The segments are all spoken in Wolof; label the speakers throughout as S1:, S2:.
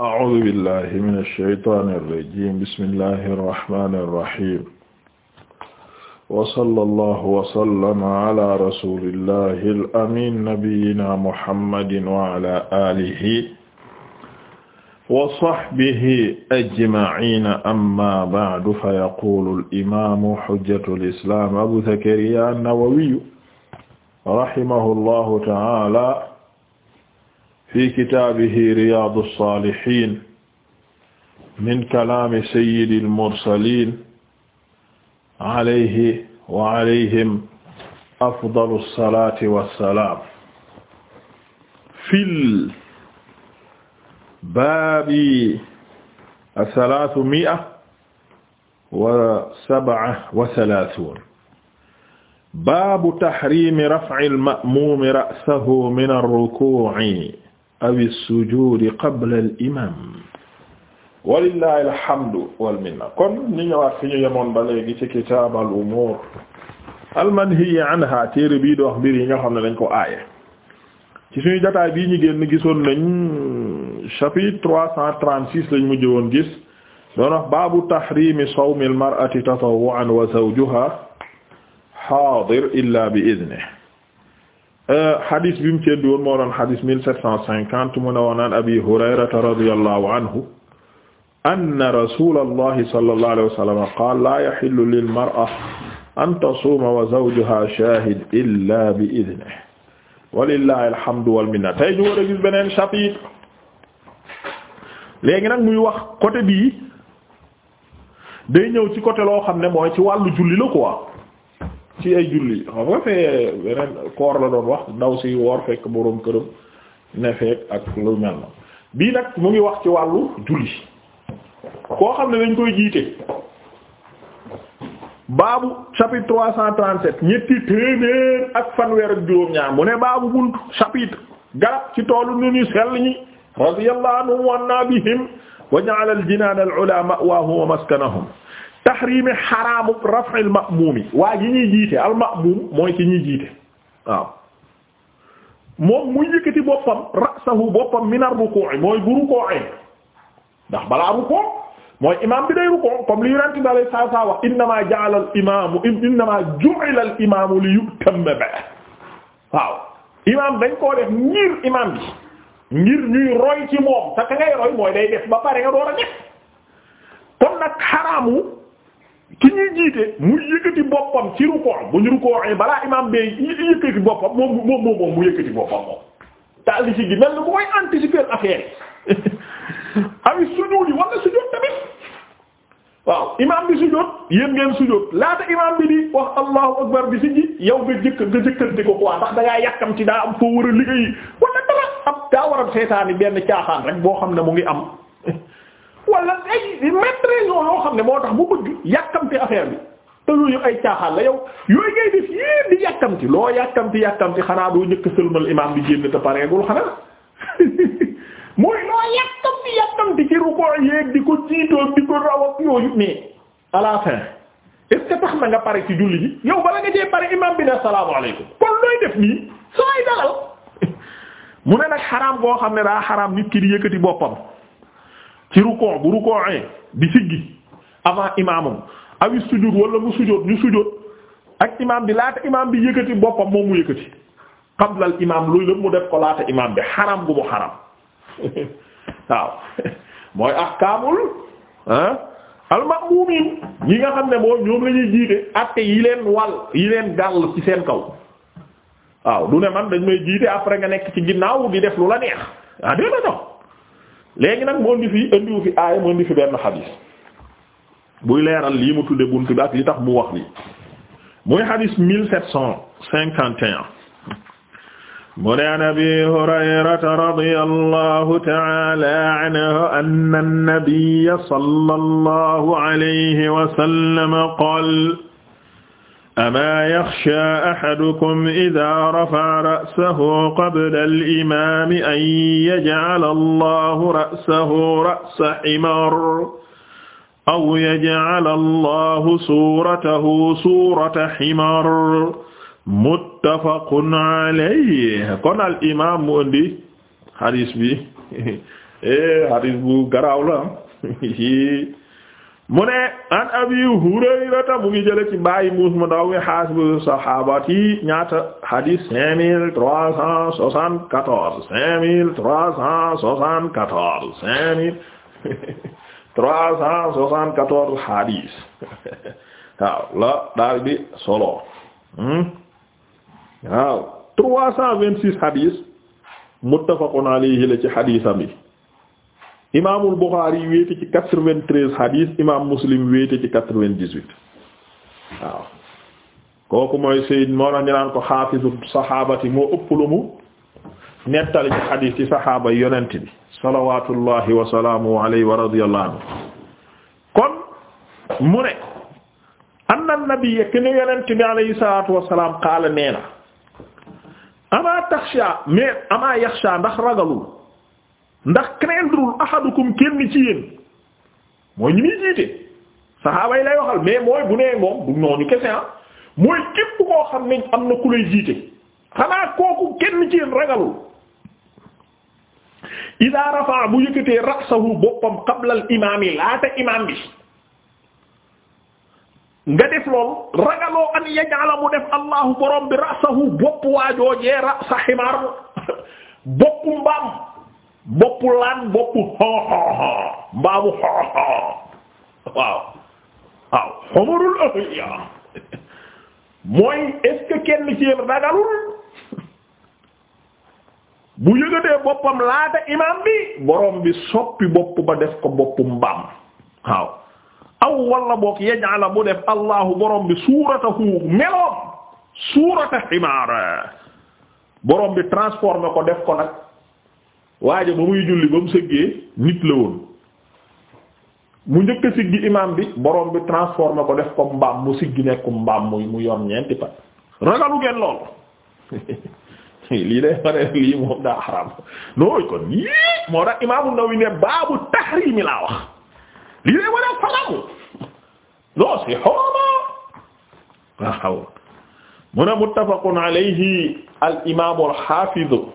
S1: أعوذ بالله من الشيطان الرجيم بسم الله الرحمن الرحيم وصلى الله وسلم على رسول الله الأمين نبينا محمد وعلى آله وصحبه أجمعين أما بعد فيقول الإمام حجة الإسلام أبو زكريا النووي رحمه الله تعالى fi kitaabihi riyaadu saalihiin min kalaami sayyidil mursaliin alayhi wa alayhim afdalu salaati wa salaam. fil baabi asalaatu mi'a wa sab'a wa salaasuun. baabu tahriimi raf'il ma'muumi ra'sahu mina rukuu'i awi sujuudi qabla al imaam walillahi alhamdu wal minna kon ñu ñëwaat fi ñu yemoon ba léegi ci kitaab al umuur al manhiyyi anhaa téere bii di wax mbir yi nga xam ne dañ ko aaye ci suñu jotaay bii ñu génn gisoon nañ chapitre trois cent trente six lañ mujj woon gis doon wax baabu tahriimi sawmi al mar'ati tatawwu'an wa haadir illaa bi idnihi hadis euh, bi mu ceddi woon moo doon hadis mille sept cent cinquante mu ne woon an abi hurayrata radiyallahu anhu anna rasulallahi sallallahu alayhi wa sallam qaala laa yahillu lil mar'a an tasuuma wa zawjuha shaahid illaa bi idnihi walillahi nag muy wax côté bii day ñëw ci côté loo xam ne mooy ci wàllu julli la ci ay julli xam nga fee koor la doon wax ndaw si woor fekk boroom këram ne fekk ak lu mel na bii nag mu ngi wax ci wàllu julli koo xam ne dañ koy jiite baabu chapitre trois cent trente-sept ñetti téeméer ak fanweer ak juróom-ñaar mu ne baabu bunt chapitre garab ci toolu nu ñu sell ñi radiyallahu anhum wa annabihim wa ja'ala al-jinaan al-'ulaa ma'waahum wa maskanahum taxriimi xaraamu raf'il ma'muumi waa ji ñuy jiite al mooy ci ñuy jiite waaw moom muy yëkkati boppam ra'sahu boppam minar rukuu'i mooy bu rukuu'ee ndax balaa rukuu' mooy imaam bi day rukuu' comme li Yonent bi sallallahu alayhi wa sallam al imaamu innamaa ju'ila al imaamu li yu'tamma bihi waaw imaam dañ koo def ngir imaam bi ngir ñuy roy ci moom te ngay roy mooy day def ba pare nga door a def kon nag xaraamu. ki ñuy jiite mu yëkkati boppam ci rukkoo bu ñu rukkoo balaa imaam bee yëkkati boppam moom moom moom mu yëkkati moom daal di ci gi mel ni bu koy anticiper affaire am sujuud yi war na tamit waaw imaam bi sujuud yéen ngeen sujuud laata imaam bi di wax allahu akbar bi si ji yow nga jëkk nga jëkkante ko quoi ndax da ngaa ci daa am foo war a liggéey wala dara ab daa war a seetaani benn caaxaan rek boo xam ne mu ngi am. wala ay maîtrise loo xam ne moo tax bu bëgg yàkkamti affaire bi te loolu yëpp ay caaxaan la yow yooyu ngay def yéen di yàkkamti loo yàkkamti yàkkamti xanaa doo njëkk sëlmal imaam bi génn te pareegul xanaa mooy loo yàkkamti yàkkamti ci rukkoo yéeg di ko jiitoon di ko raw ak yooyu mais à la tax na nga pare ci julli ji yow bala nga cee pare imaam bi ne asalaamaaleykum kon looy def nii sooy dalal mu ne nag xaraam boo xam ne daa xaraam nit ki di yëkkati ci rukkoo bu rukkoo di siggi avant imaamam awi sujud wala mu sujud ñu sujud ak imaam bi laata imaam bi yëkkati boppam moom mu yëkkati qablal imaam luy lépp mu def ko laata imaam bi xaram gu mu xaram waaw mooy ahkaamul ah, almamuumiin ñi nga xam ne moom ñoom la jiite atte yi leen wal yi leen gàll ci seen kaw waaw du ne man dañ may jiite après nga nekk ci ginnaaw di def lu la neex ah déedéet léegi nag moo ndi fi indiwu fi aaya moo ndi fi benn xadis buy leeral lii mu tudde buntu bi ak li tax mu wax li muy xadis mille sept cent cinquante et un mu ne an abi hurayrata radiyallahu ta'ala anhu anna an-nabiyya sallallahu alayhi wa sallam qaala amaa yaxsha axadukum idaa rafa'a ra'sahu qabla al-imaami an yaj'ala Allahu ra'sahu ra'sa himaar aw yaj'ala Allahu suuratahu suurata himaar muttafaqun alayhi kon al imaam mu indi hadiis bi eh, hadiis bu garaaw la mu ne an abi hurayrata mu ngi jële ci bàyyi muus mu daw mi hasbu sahabati ñaata hadis cinq mille trois cent soixante quatorze cinq mille trois cent soixante quatorze cinq mille trois cent soixante quatorze hadis waaw la daal bi solo hmm? waaw trois cent vingt six hadis muttafaqun alayhi la ci hadisam bi imaamul Buxaari wéete ci quatre-vingt-treize hadis imaam Muslim wéete ci quatre-vingt-dix-huit kooku mooy Seydou moo ko xaafisu saxaabati moo ëpp lu ci hadis ci saxaaba yonent salawaatullahi wa salaamu alayhi wa radiyallahu anhu kon mu ne anna nabiyya ki ne alayhi salaatu wa salaam qaala nee amaa taxsha mais amaa yaxsha ndax ragalul. ndax craindrewul ahadukum kenn ci yéen mooy ñi muy jiite saxaaba yi lay waxal mooy bu nee moom du ñooñu kese ah mooy képp koo xam ne am na ku lay jiite xanaa kooku kenn ci yéen ragalul ida rafa bu yëkkatee rasahu boppam qabla al imaam yi laata imaam bi nga def loolu ragaloo an yajala mu def allahu borom bi rasahu bopp boppu laan boppu xooxooxoo mbaamu xooxoo waaw waaw xamarul ahliya mooy est-ce que kenn ci yéen ragalul bu yëgatee boppam laata imaam bi borom bi soppi bopp ba def ko boppu mbaam waaw aw walla boog yaj'ala mu def allahu borom bi suuratahu meloom suurata ximaar borom bi transformé ko def ko nag waajo ba muy julli ba mu sëggee nit la woon mu njëkk a siggi bi borom bi transformé ko def ko mbaam mu siggi nekkum mbaam mu yor ñeenti pat ragalu ngeen lool lii day mane lii moom daa xaram nooy kon yii moo tax imaamu Nawawi ne baabu tahrimi laa wax lii day mane xaramu non si xoroma waaw mu ne muttafaqun al imaamu al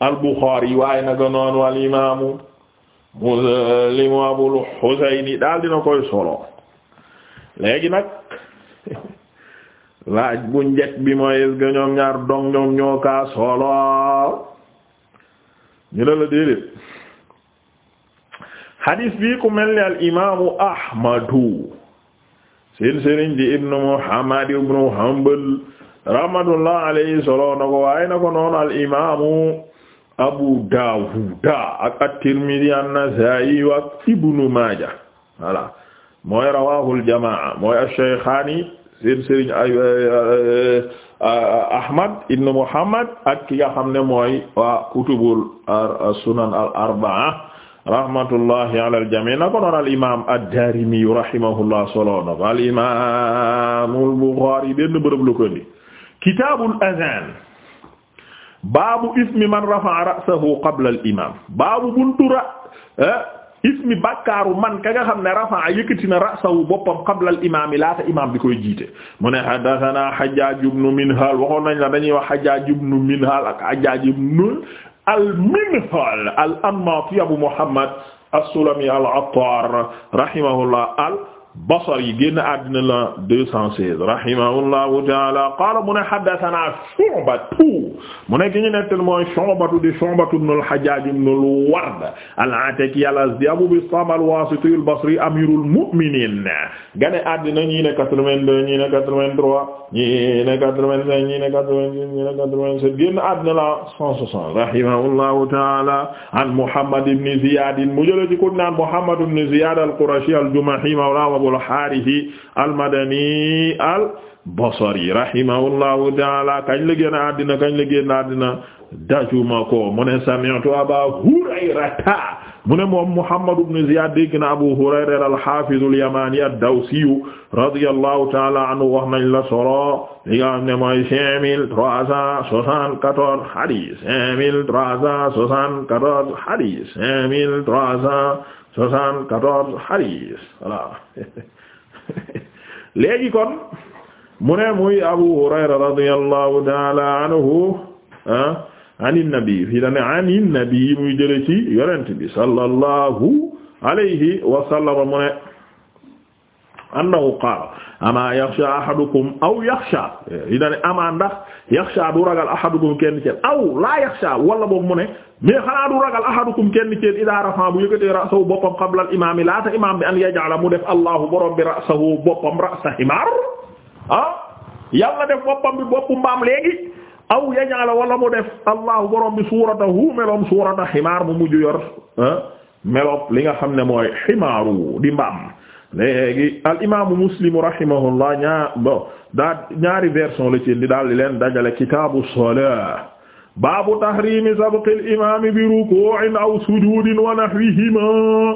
S1: al-Bukhari waaye naga noonu wal imaamu Muslim Abul Husayn daal dina koy solo léegi nag laaj bu njëkk bi mooy est-ce que ñoom dong ñoom ñoo solo ñu ne la déedéet mel ni al imaamu Ahmadu seen sëriñ di ibnu Muhammad ibnu Hanbal solo na ko waaye na ko noonu al imaamu abu daawuda ak at-tirmidhi an-nasaa'i wa ibnu maaja voilà mooy rawaahul jamaa mooy ash-shaykhaani seen sëriñ ay ahmad ibnu muhammad ak ki nga xam ne mooy waa kutubul sunan al arbaa rahmatullahi ala al-jamii na ko noon al imaam ad-daarimi rahimahullah solo na ko al imaam al buxaari benn bërëb lu ko di kitaabul azaan baabu ismi man rafa'a ra'sahu qabla al imam baabu buntu ra eh, ismi bakkaaru man ka nga xam ne rafa'a yëkkati na ra'sahu boppam qabla al imam laata imam bi koy jiite mu ne haddathana Hajjaj ibn Minhal waxoon nañ la dañuy wax Hajjaj ibn Minhal ak Hajjaj ibn al Minhal al Anmati Abu Muhammad as-Sulami al-Attar rahimahullah al basari génn àddina la deux cent seize rahimahullahu taala qaala mu ne haddathana Shu'batu mu ne ki ñu nettal mooy Shu'batu di Shu'batu ibn al-Hajjaj ibn al-Ward al-Ataki al-Azdi Abu Bistam al-Wasiti al-Basri amirul mu'minin génn àddina ñii ne quatre-vingt-deux ñii ne quatre-vingt-trois ñii ne quatre-vingt-cinq ñii ne quatre-vingt-six ñii ne quatre-vingt-sept génn àddina la cent soixante rahimahullahu taala an Muhammad ibn Ziyad mu jële ci ko naan Muhammad ibn Ziyad al-Qurashi al-Jumahi mawla Abul Haarith al-Madani al-Basri rahimahullahu ta'ala kañ la génn àddina kañ la génn àddina dajuma ko mu ne sami'tu Abaa Hurayrata mu ne moom Muhammad ibn Ziyaad dégg na Abu Hurayra al-Haafiz al-Yamaani ad-Dawsi radiyallahu ta'ala anhu wax nañ la solo li nga xam ne mooy cinq mille trois cent soixante-quatorze hadith cinq mille trois cent soixante-quatorze hadith cinq mille trois cent soixante-quatorze hadis voilà léegi kon mu ne muy Abu Hurayra radiyallahu ta'ala anhu ah, anin nabi fii dane anin nabi muy jële ci yonent bi sallallahu alayhi wa sallam mu ne annahu qaala ama yaxsha ahadukum aw yaxsha dina ne ndax yaxsha du ragal ahadukum kenn ci aw yaxsha wala boog mu ne mais xanaa du ragal ahadukum kenn ci idaa rafa bu boppam qabla al imaam laata imaam an yaj'ala mu def allahu borom bi ra'sahu boppam ra'sa himaar ah boppam bi boppu mbaam léegi aw yaj'ala wala mu def allahu borom bi suuratahu meloom suurata himaar mu mujj yor ah, meloom li nga xam ne mooy himaaru di mbaam léegi al imaamu muslim rahimahullah ñaa bon daa ñaari version la ci indi daal di leen dajale kitaabu salaa baabu tahrimi sabqi al imaami bi ruku'in aw sujuudin wa nahwihimaa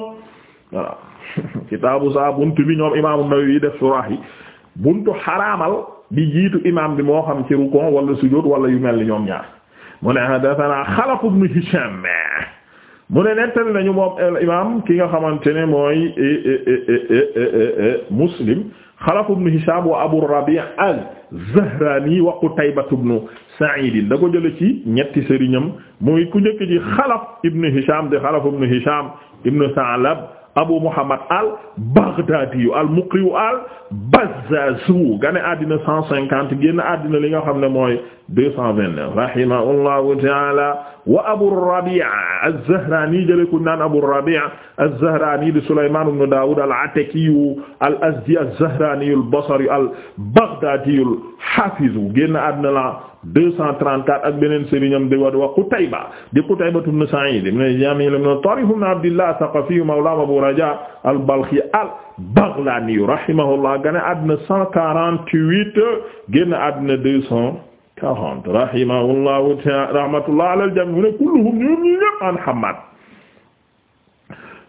S1: voilà kitaabu saa bi ñoom imaamu Nawawi def surah yi buntu xaraamal di jiitu imaam bi moo xam ci ruku' wala sujuud wala yu mel ni ñoom ñaar mu ne haddasanaa Xalaf mu ne nettali nañu moom imaam ki nga xamante ne mooy eh, eh, eh, Muslim Xalaf ibn Hishaam wa Abu Rabi' al-Zahraani wa Qutayba ibn Sa'iid da ko jële ci ñetti sëriñam muy ku njëkk ji Xalaf ibn Hishaam de Xalaf ibn Hishaam ibn Sa'lab Abu Muhammad al-Baghdaadiyu al-Muqriyu al-Bazzaazu gane àddina cent cinquante génn àddina li nga xam ne mooy 229 rahimahullahu ta'ala wa Abu Rabi' az-Zahrani jëlee ku naan Abu Rabi' az-Zahrani di Sulayman ibn Dawud al-Ataki al-Azdi az-Zahrani al-Basri al-Baghdadi al-Hafiz génn àddina la 234 ak beneen sëriñam di wa wa Qutayba di Qutayba ibn Sa'id ibn Jamil ibn Tarif ibn Abdillah ath-Thaqafi mawla Abu Raja al-Balkhi al-Baghlani rahimahullah génn àddina 148 génn àddina 200 40 rahimahullahu ta'ala rahmatullah ala al-jami' mu ne kulluhum ñoom ñi ñëpp an Hammad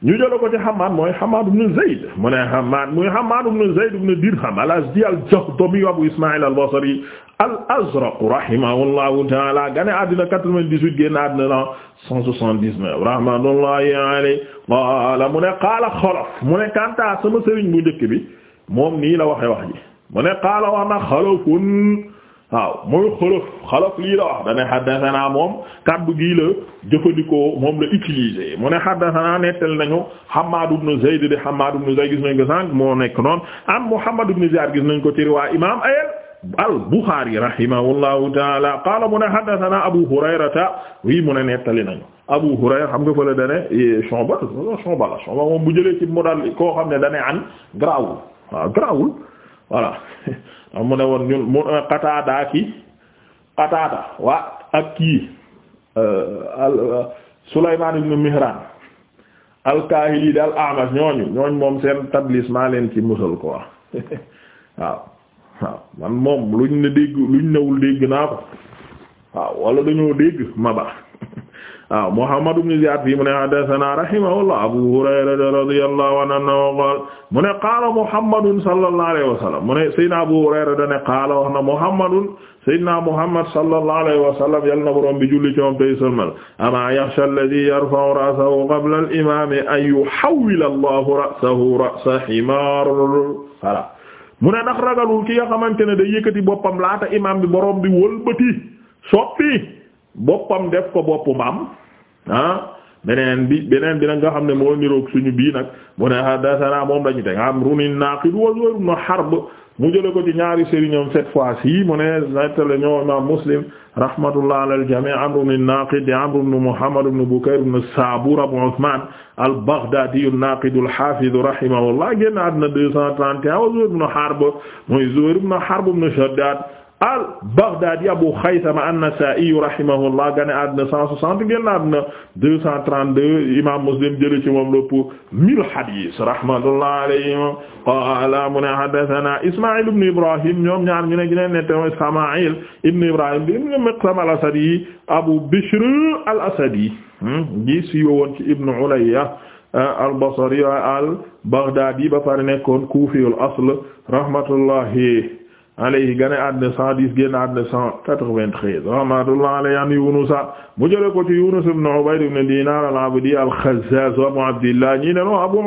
S1: ñu jëla ko ci Hammad mooy Hammad ibn Zayd mu ne Hammad muy Hammad ibn Zayd ibn Dirham al-Azdi al-Jahdami Abu Isma'il al-Basri al-Azraq rahimahullahu ta'ala gane àddina 98 génn àddina 179 rahmatullahi alayhi qaala mu ne qaala Xalaf mu ne kanta sama sëriñ bu njëkk bi moom nii la waxe wax ji mu ne qaala wax na Xalafun waaw mooy xërëf xalaf lii la wax dane xaddasanaa moom kaddu gii la jëfandikoo moom la utilisé mu ne xaddasanaa nettal nañu Hammaad ibn Zayd di Hammaad ibn Zayd gis nañ ko sànq moo nekk noon am Muhammad ibn Ziyaad gis nañ ko ci riwaa imam ayel al Buxaari rahimahullahu taala qaala mu ne xaddasanaa Abu Hurayrata wii mu ne nettali nañu Abu Hurayra xam nga fële dane eh, Shu'ba Shu'ba la Shu'ba moom bu jëlee ci mu dal koo xam ne dane an grawul waaw amune ne woon ñun mu Qataada euh, ki Qataada waa ak kii euh, euh, Sulaymaan ibn Mihraan al daal A'mash ñooñu ñooñ moom seen tadlis maa leen ci musal ko waaw waaw man moom luñ ne dégg luñ newul dégg naa ko waaw wala dañoo dégg ma ba waaw Muhammad ibn Ziyad fii mu ne haddathana rahimahullah Abu Hurayra radiyallahu anhu qaala mu ne qaala Muhammadun sallallahu alayhi wa sallam mu ne Seydina Abu Hurayra da ne qaala wax na Muhammadun Seydina Muhammad sallallahu alayhi wa sallam yal na borom bi julli ci moom tey sëlmal amaa yaxsha alladhi yarfa'u ra'sahu qabla al-imaam an yuhawwila Allahu ra'sahu ra'sa himaar voilà mu ne ndax ragalul ki nga xamante ne day yëkkati boppam laata imaam bi borom bi wëlbati soppi boppam def ko boppu mbaam ah beneen bi beneen bi nag nga xam ne moo niroog suñu bii nag mu ne haddathana moom lañu teg Amrun an-Naqid wa Zuhayr ibn Harb mu jële ko ci ñaari sëriñam cette fois ci mu ne nettale ñoo imam Muslim rahmatullah ala al-jami' Amrun an-Naqid di Amr ibn Muhammad ibn Bukayr ibn Sabur Abu Uthman al-Baghdadi an-Naqid al-Hafiz rahimahullah génn àddina 231 wa Zuhayr ibn Harb mooy Zuhayr ibn Harb ibn Shaddad al-Baghdadi Abu Khaythama an-Nasa'i rahimahullah gane àddina 160 génn àddina 232 imaam Muslim jëlee ci moom lépp 1000 hadis rahmatullahi alayhim qaala mu ne haddathana Isma'il ibn Ibrahim ñoom ñaar ñu ne ñu ne nettoon Isma'il ibn Ibrahim ibn Miqsam al-Asadi Abu Bishr al-Asadi hmm, gi siiw woon ci Ibn Ulayya eh, al al-Baghdadi ba pare nekkoon kuufiyul asl rahmatullahi alayhi gane àddina cent dix génn àddina cent quatre-vingt-treize rahmatullah alayhi an Yunus mu jële ko ci Yunus ibn Ubayd ibn Dinar al-Abdi al-Khazzaz Abu Abdillah ñi ne no Abu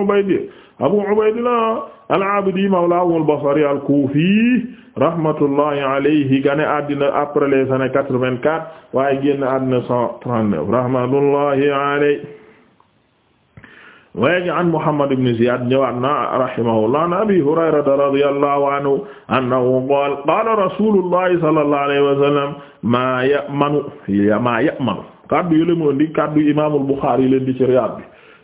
S1: Abu Ubaydillah al-Abdi mawlahu al-Basri al-Kufi rahmatullahi alayhi gane àddina après les années quatre-vingt-quatre waegi an Muhammad ibn Ziyad ñëwaat na rahimahullah an Abi Hurayrata radiyallahu anhu annahu qaala qaala rasulullahi sallallahu alayhi wa sallam maa ya'manu maa ya'manu kaddu yële mu indi kaddu imaamul Buxaari leen di ci Riyaad bi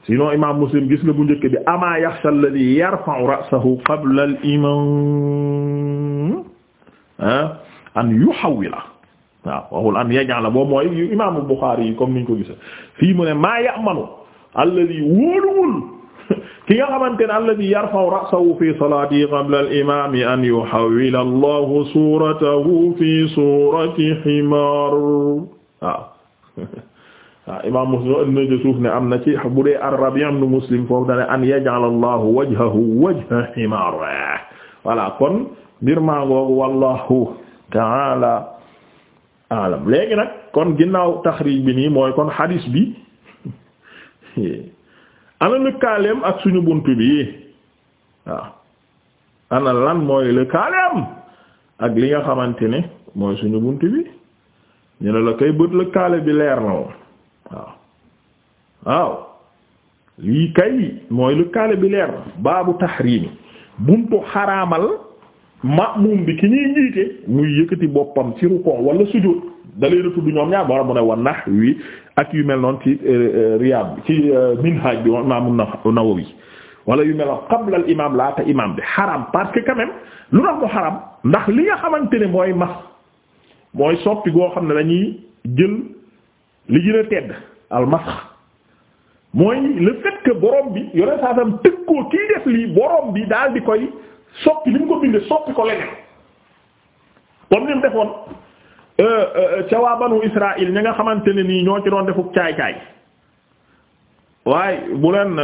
S1: sinon imaam Muslim gis nga bu njëkk bi amaa yaxsha alladhi yarfa'u ra'sahu qabla al-imaam an yuhawwila waaw waxul an yaj'ala boobu mooy imaamul Buxaari yi comme niñ ko gis fii mu ne maa ya'manu alladi wóoluwul ki nga xamante ne alladi yarfa'u ra'sahu fi salaatihi qabla al-imaam an yuhawwila Allahu suuratahu fi suurati himaar waaw waaw imaam Muslim na ci suuf ne am na ci bu dee ar-Rabi' ibn Muslim foofu dane an yaj'ala Allahu wajhahu wajha himaar voilà kon mbir maa ngoogu wallahu ta'ala a'lam léegi nag kon ginnaaw taxriij bi nii mooy kon hadis bi ana lëkkaaleem ak suñu bunt bi waaw ana lan mooy lëkkaaleem ak li nga xamante ne mooy suñu bunt bi ñu ne la kay bët lëkkaale bi leer na woon waaw waaw lii kay mooy lëkkaale bi leer na baabu taxriimi buntu xaraamal ma'muum bi ki ñuy njiite muy yëkkati boppam ci rukkoo wala sujjóot da leen a tudd ñoom ñaar wala mu ne wa nax wi ak yu mel noonu ci euh, euh, Riyad bi ci euh, Minhaj bi Imam Nawawi wala yu mel noonu qabla al imam laata imam bi xaram parce que quand même lu tax mu xaram ndax li nga xamante ne mooy mas mooy soppi goo xam ne lañuy jël li gën a tedd al masx mooy le fait borom bi yore saa sam tëgg ko kii def lii borom bi daal di koy soppi li mu ko bindee soppi ko leneen comme ni defoon. Euh, euh, euh, ca waa banu Israël ña nga xamante ne nii ñoo ci doon defuk caay-caay waaye bu leen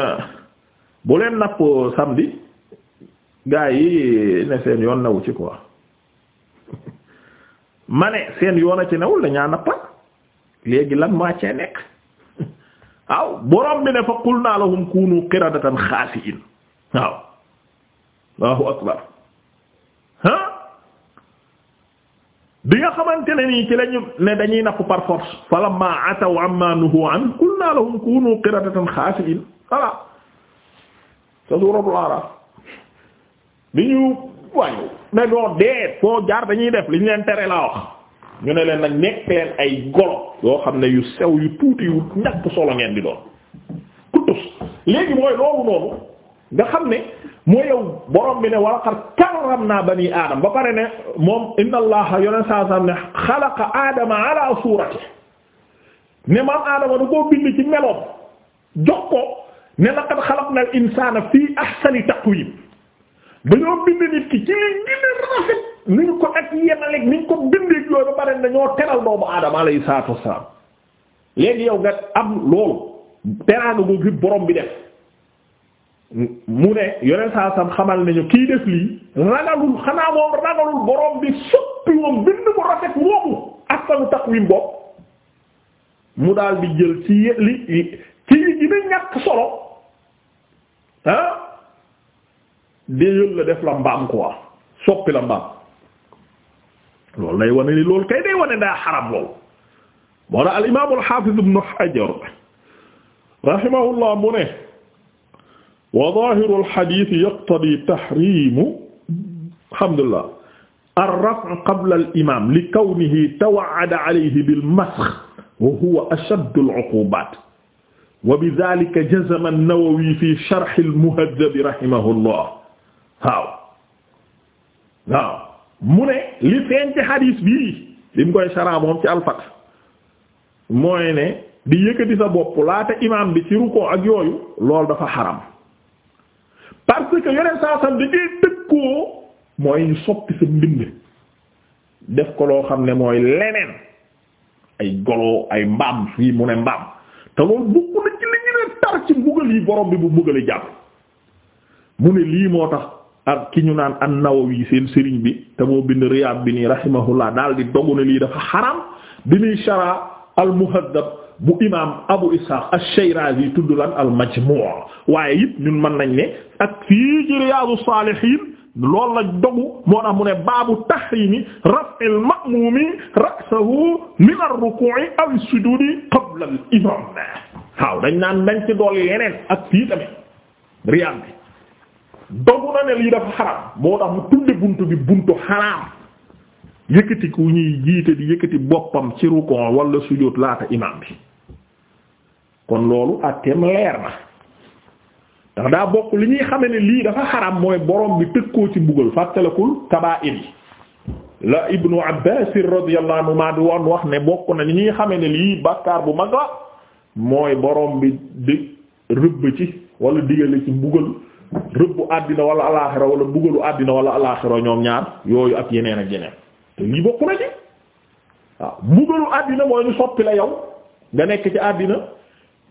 S1: bu leen napp samedi gaa yi ne seen yoon newu ci quoi ma ne seen yoon a ci newul dañaa nappa léegi lan maa cee nekk waaw borom bi ne fa qulna lahum kunu qiradatan xaasi'in waaw Allahu akbar bi nga xamante ne nii ci lañu ne dañuy napp par force falamma ataw amma nuhu an qulna lahum kunu qiradatan ñu wayu ne doo dee foo jaar dañuy def liñ leen tere laa wax ñu ne leen nag nekk leen ay golo yoo xam ne yu sew yu tuuti yu ñàkk solo ngeen di doon kutus léegi mooy loolu noonu nga xam ne mooy yow borom bi ne wala xar karramna bani aadam ba pare ne moom inna allaha yoneen saa saam ne xalaqa aadama ala suurati ne maam aadama da koo bind ci meloom jox ko ne laqad xalaqna al insana fii ahsani taqwim dañoo bind nit ki ci li gën a rafet ko ak yemaleeg ni ñu ko bindee yooyu ba pare dañoo teral doomu aadama alayhi salaatu wassalaam léegi yow nga am loolu teraanga boobu borom bi def mu ne yoneen saa sam xamal nañu kii def lii ragalul xanaa moom ragalul borom bi soppi moom bind mu rafet woobu asanu taqwim bopp mu daal di jël ci li ci li dina solo ah déyël la def la mbaam quoi soppi la mbaam loolu lay wane ni loolu kay day wane daa xaram loolu moo na al imaam al xaafiz ibnu mu ne wa zaahirul hadiis yaqtadii tahriimu alhamdulillah ar-raf'i qabla al-imaam li kawnihi tawa'ada alayhi bil-masx wa huwa ashaddu al-'uquubaat wa bidhaalika jazama an-Nawawi fii sharhi al-Muhaddab rahimahullah waaw waaw mu ne li feeñ ci hadiis bii li mu koy sharh moom ci al-Fath mooy ne di yëkkati sa bopp laata imaam bi ci rukkoo ak yooyu loolu dafa xaram. parce que yeneen saa sam da mooy ñu soppi sa mbind def ko loo xam ne mooy leneen ay golo ay mbaam fii mu ne mbaam te loolu bokk na ci li ñu ne tar ci mbugal yi borom bi bu mbugali jàpp mu ne lii moo tax ak ki ñu naan an-Nawawi seen sëriñ bi te moo bind Riyaad bi nii rahimahullah daal dogu ne lii dafa xaram bi muy shara bu imaam Abu Ishaq ash-Shirazi tudd lan al-Majmu' waaye it ñun mën nañ ne ak fii ci Riyadou Salihine loolu la dogu moo tax mu ne baabu tahrimi raf'i al-ma'mumi ra'sahu min ar-ruku'i aw as qabla al-imam waaw dañ naan dañ ci dool yeneen ak fii tamit Riyad bi dogu na ne lii dafa xaram moo tax mu tudde buntu bi buntu xaraam. yëkkati ku ñuy jiite di yëkkati boppam ci rukon wala sujjóot laata imaam bi kon loolu àtteem leer na ndax daa bokk li ñuy xame ne lii dafa xaram mooy borom bi tëkkoo ci mbugal fàttalakul kabaa'ir yi la ibnu abbas radiyallahu anhu maa di wax ne bokk na li ñuy xame ne lii bàkkaar bu mag la mooy borom bi di rëbb ci wala digale ci mbugal rëbbu àddina wala alaaxira wala mbugalu àddina wala alaaxira ñoom ñaar yooyu ak yeneen ak yeneen te lii bokk na ci waaw mbugalu àddina mooy ñu soppi la yow nga nekk ci àddina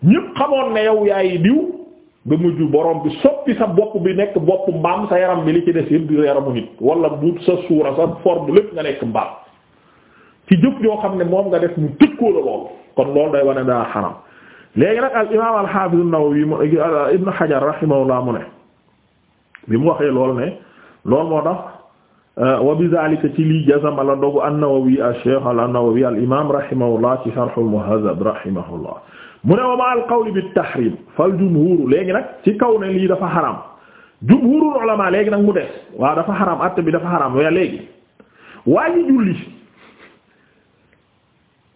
S1: ñépp xamoon na yow yaay diw nga mujj borom bi soppi sa bopp bi nekk bopp mbaam sa yaram bi li ci des yëpp di yaramu nit wala bu sa suura sa forme lépp nga nekk mbaam ci jëf yoo xam ne moom nga def mu tëkkoo la lool kon loolu day wane daa xaram léegi nag al imaam al xaafiz an-Nawawi ibn Hajar rahimahullah mu ne bi mu waxee loolu ne loolu moo tax Euh, wa bizaalika ci lii jazama la dogu an-Nawawi ash-Shaykh an-Nawawi al-imaam rahimahullah ci Sharh al-Muhadhab rahimahullah mu ne wa ma'al qawli bit-tahriim fal-jumhuur léegi nag ci kaw ne lii dafa xaram jumhuurul léegi nag mu des waaw dafa xaram att bi dafa xaram waaye léegi waa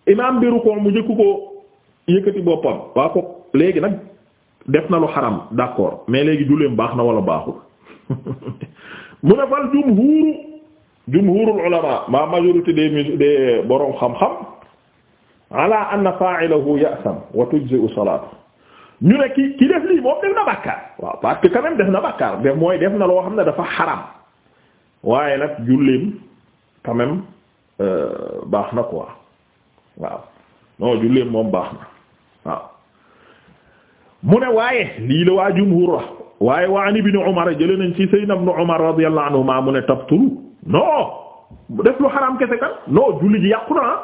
S1: ji mu njëkk ko yëkkati léegi nag def na lu xaram d'accord mais léegi julleem baax na wala baaxul mu ne fal jumhuur jumhurul ulama ma majorité des des borom xam-xam ala anna fa'ilahu ya'sam wa tujzi'u salatu na bàkkaar waaw xam ne dafa xaram nag julleem quand même euh, na quoi waaw non julleem moom baax na waaw mu ne waaye lii waa jumhur la waaye wa an ibn Umar jële nañ ci sayyidina ibn Umar radiyallahu anhu mu ne tabtulu non def lu xaraam kese kan non julli ji yàqu naa ah.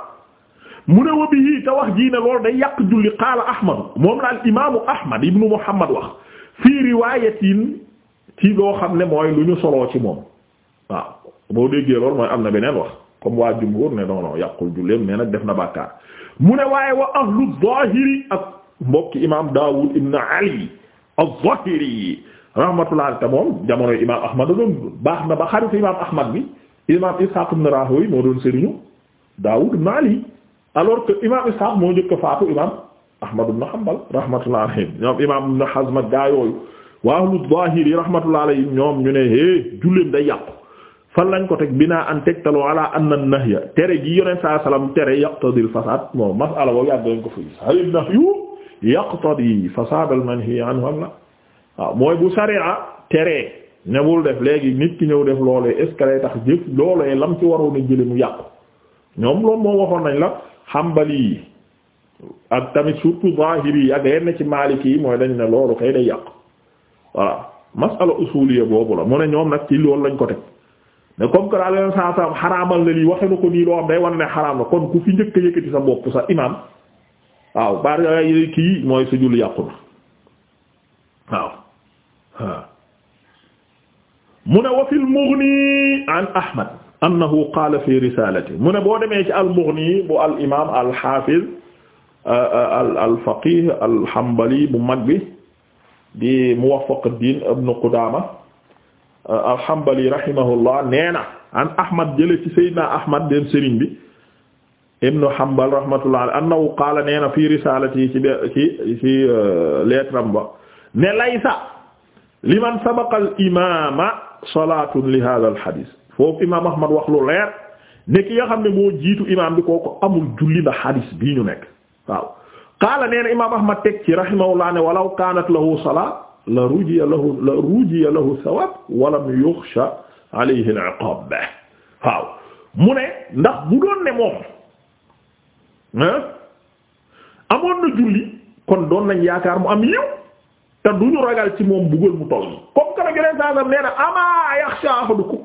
S1: mu ne wa bihi te wax jii ne loolu day yàq julli qaala Ahmad moom la al imaamu Ahmad ibnu Muhammad wax fii riwaayatin ci loo xam ne mooy lu ñu soloo ci moom waaw boo déggee lool mooy am na beneen wax comme waa jumhur ne non non yàqul julleem mais nag def na bàkkaar mu ne waaye wa ahlu zahiri ak mbokki imaam Daawud ibn Ali az-Zahiri rahmatullah te moom jamonoy imaam Ahmad doon baax na ba xaritu imaam Ahmad bi imaam Ishaq ibn Rahowi moo doon sëriñu Daawud ibn Ali alors que imaam Ishaq moo njëkk a faatu imaam Ahmad ibn Hanbal rahmatullah alayhim ñoom imaam Ibn Hazm ak gaa yooyu wa ahlu zahiri rahmatullah alayhim ñoom ñu ne hee julleem day yàqu fan lañ ko teg binaa an tegtaloo ala anna nahya tere gi yonent saa salaam tere yaqtadil fasaad moom masala boobu yàgg nañ ko fi hal nahyu yaqtadi fasaad al manhi anhu am la waaw mooy bu sariya teree ne bul def léegi nit ki ñëw def loolee est ce tax jëf loolee lam ci waroon a jële mu yàqu ñoom loolu waxoon nañ la xàmbali yi ak tamit surtout zahiri yi ak yenn ci maali kii mooy dañ ne loolu kay day yàqu voilà masala usuliya boobu la mu ne ñoom nag ci loolu lañ ko teg mais comme que daal leen saa saa xaraamal na lii waxe na ko nii loo xam day wan ne xaraam la kon ku fi njëkk a yëkkati sa bopp sa imaam waaw bari kii mooy sa julli yàqu na waaw mu ne wa fil Mughni an Ahmad annahu qaala fi risalati mu ne boo demee ci al-Mughni bu al imam al-Hafiz euh, al al faqih al-Hanbali bu mag bi di Muwaffaq ad-Din ibn Qudama euh, al-Hanbali rahimahullah nee na an Ahmad jële ci Seydina Ahmad dem Serigne bi ibn Hanbal rahmatullah alayhi annahu qaala nee na fi risalati ci ci ci euh, lettre am ba ne laysa liman sabaqa al imama salatun li hadha al hadith foofu imam ahmad wax lu leer ne ki nga xam ne moo jiitu imam bi kooku amul julli ndax hadith bii ñu nekk waaw qaala nee na imam ahmad teg ci rahimahullah ne walaw kanat lahu salat la rujiya lahu la rujiya lahu thawab walam yukhsha alayhi al iqab waaw mu ne ndax bu doon ne moom ah, amoon na julli kon doon nañ yaakaar mu am yiw te du ñu ragal ci moom buggal mu toll comme que nag yeneen saa sax nee na amaa yaxsha ahadukum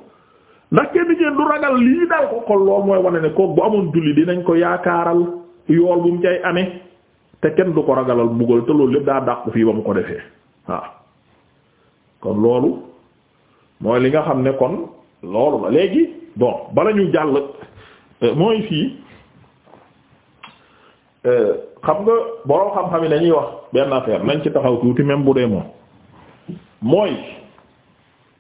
S1: ndax kenn du ragal lii dal ko kon lool mooy wane ne kook bu amoon julli dinañ ko yaakaaral yool bu mu cay amee te kenn du ko ragalal buggal te loolu lépp daa dàq fii ba mu ko defee waaw kon loolu mooy li nga xam ne kon loolu la léegi bon bala ñu jàll euh, mooy fii. Euh, xam nga boroom xam-xam yi dañuy wax benn affaire nañ ci taxaw tuuti même bu dee moom mooy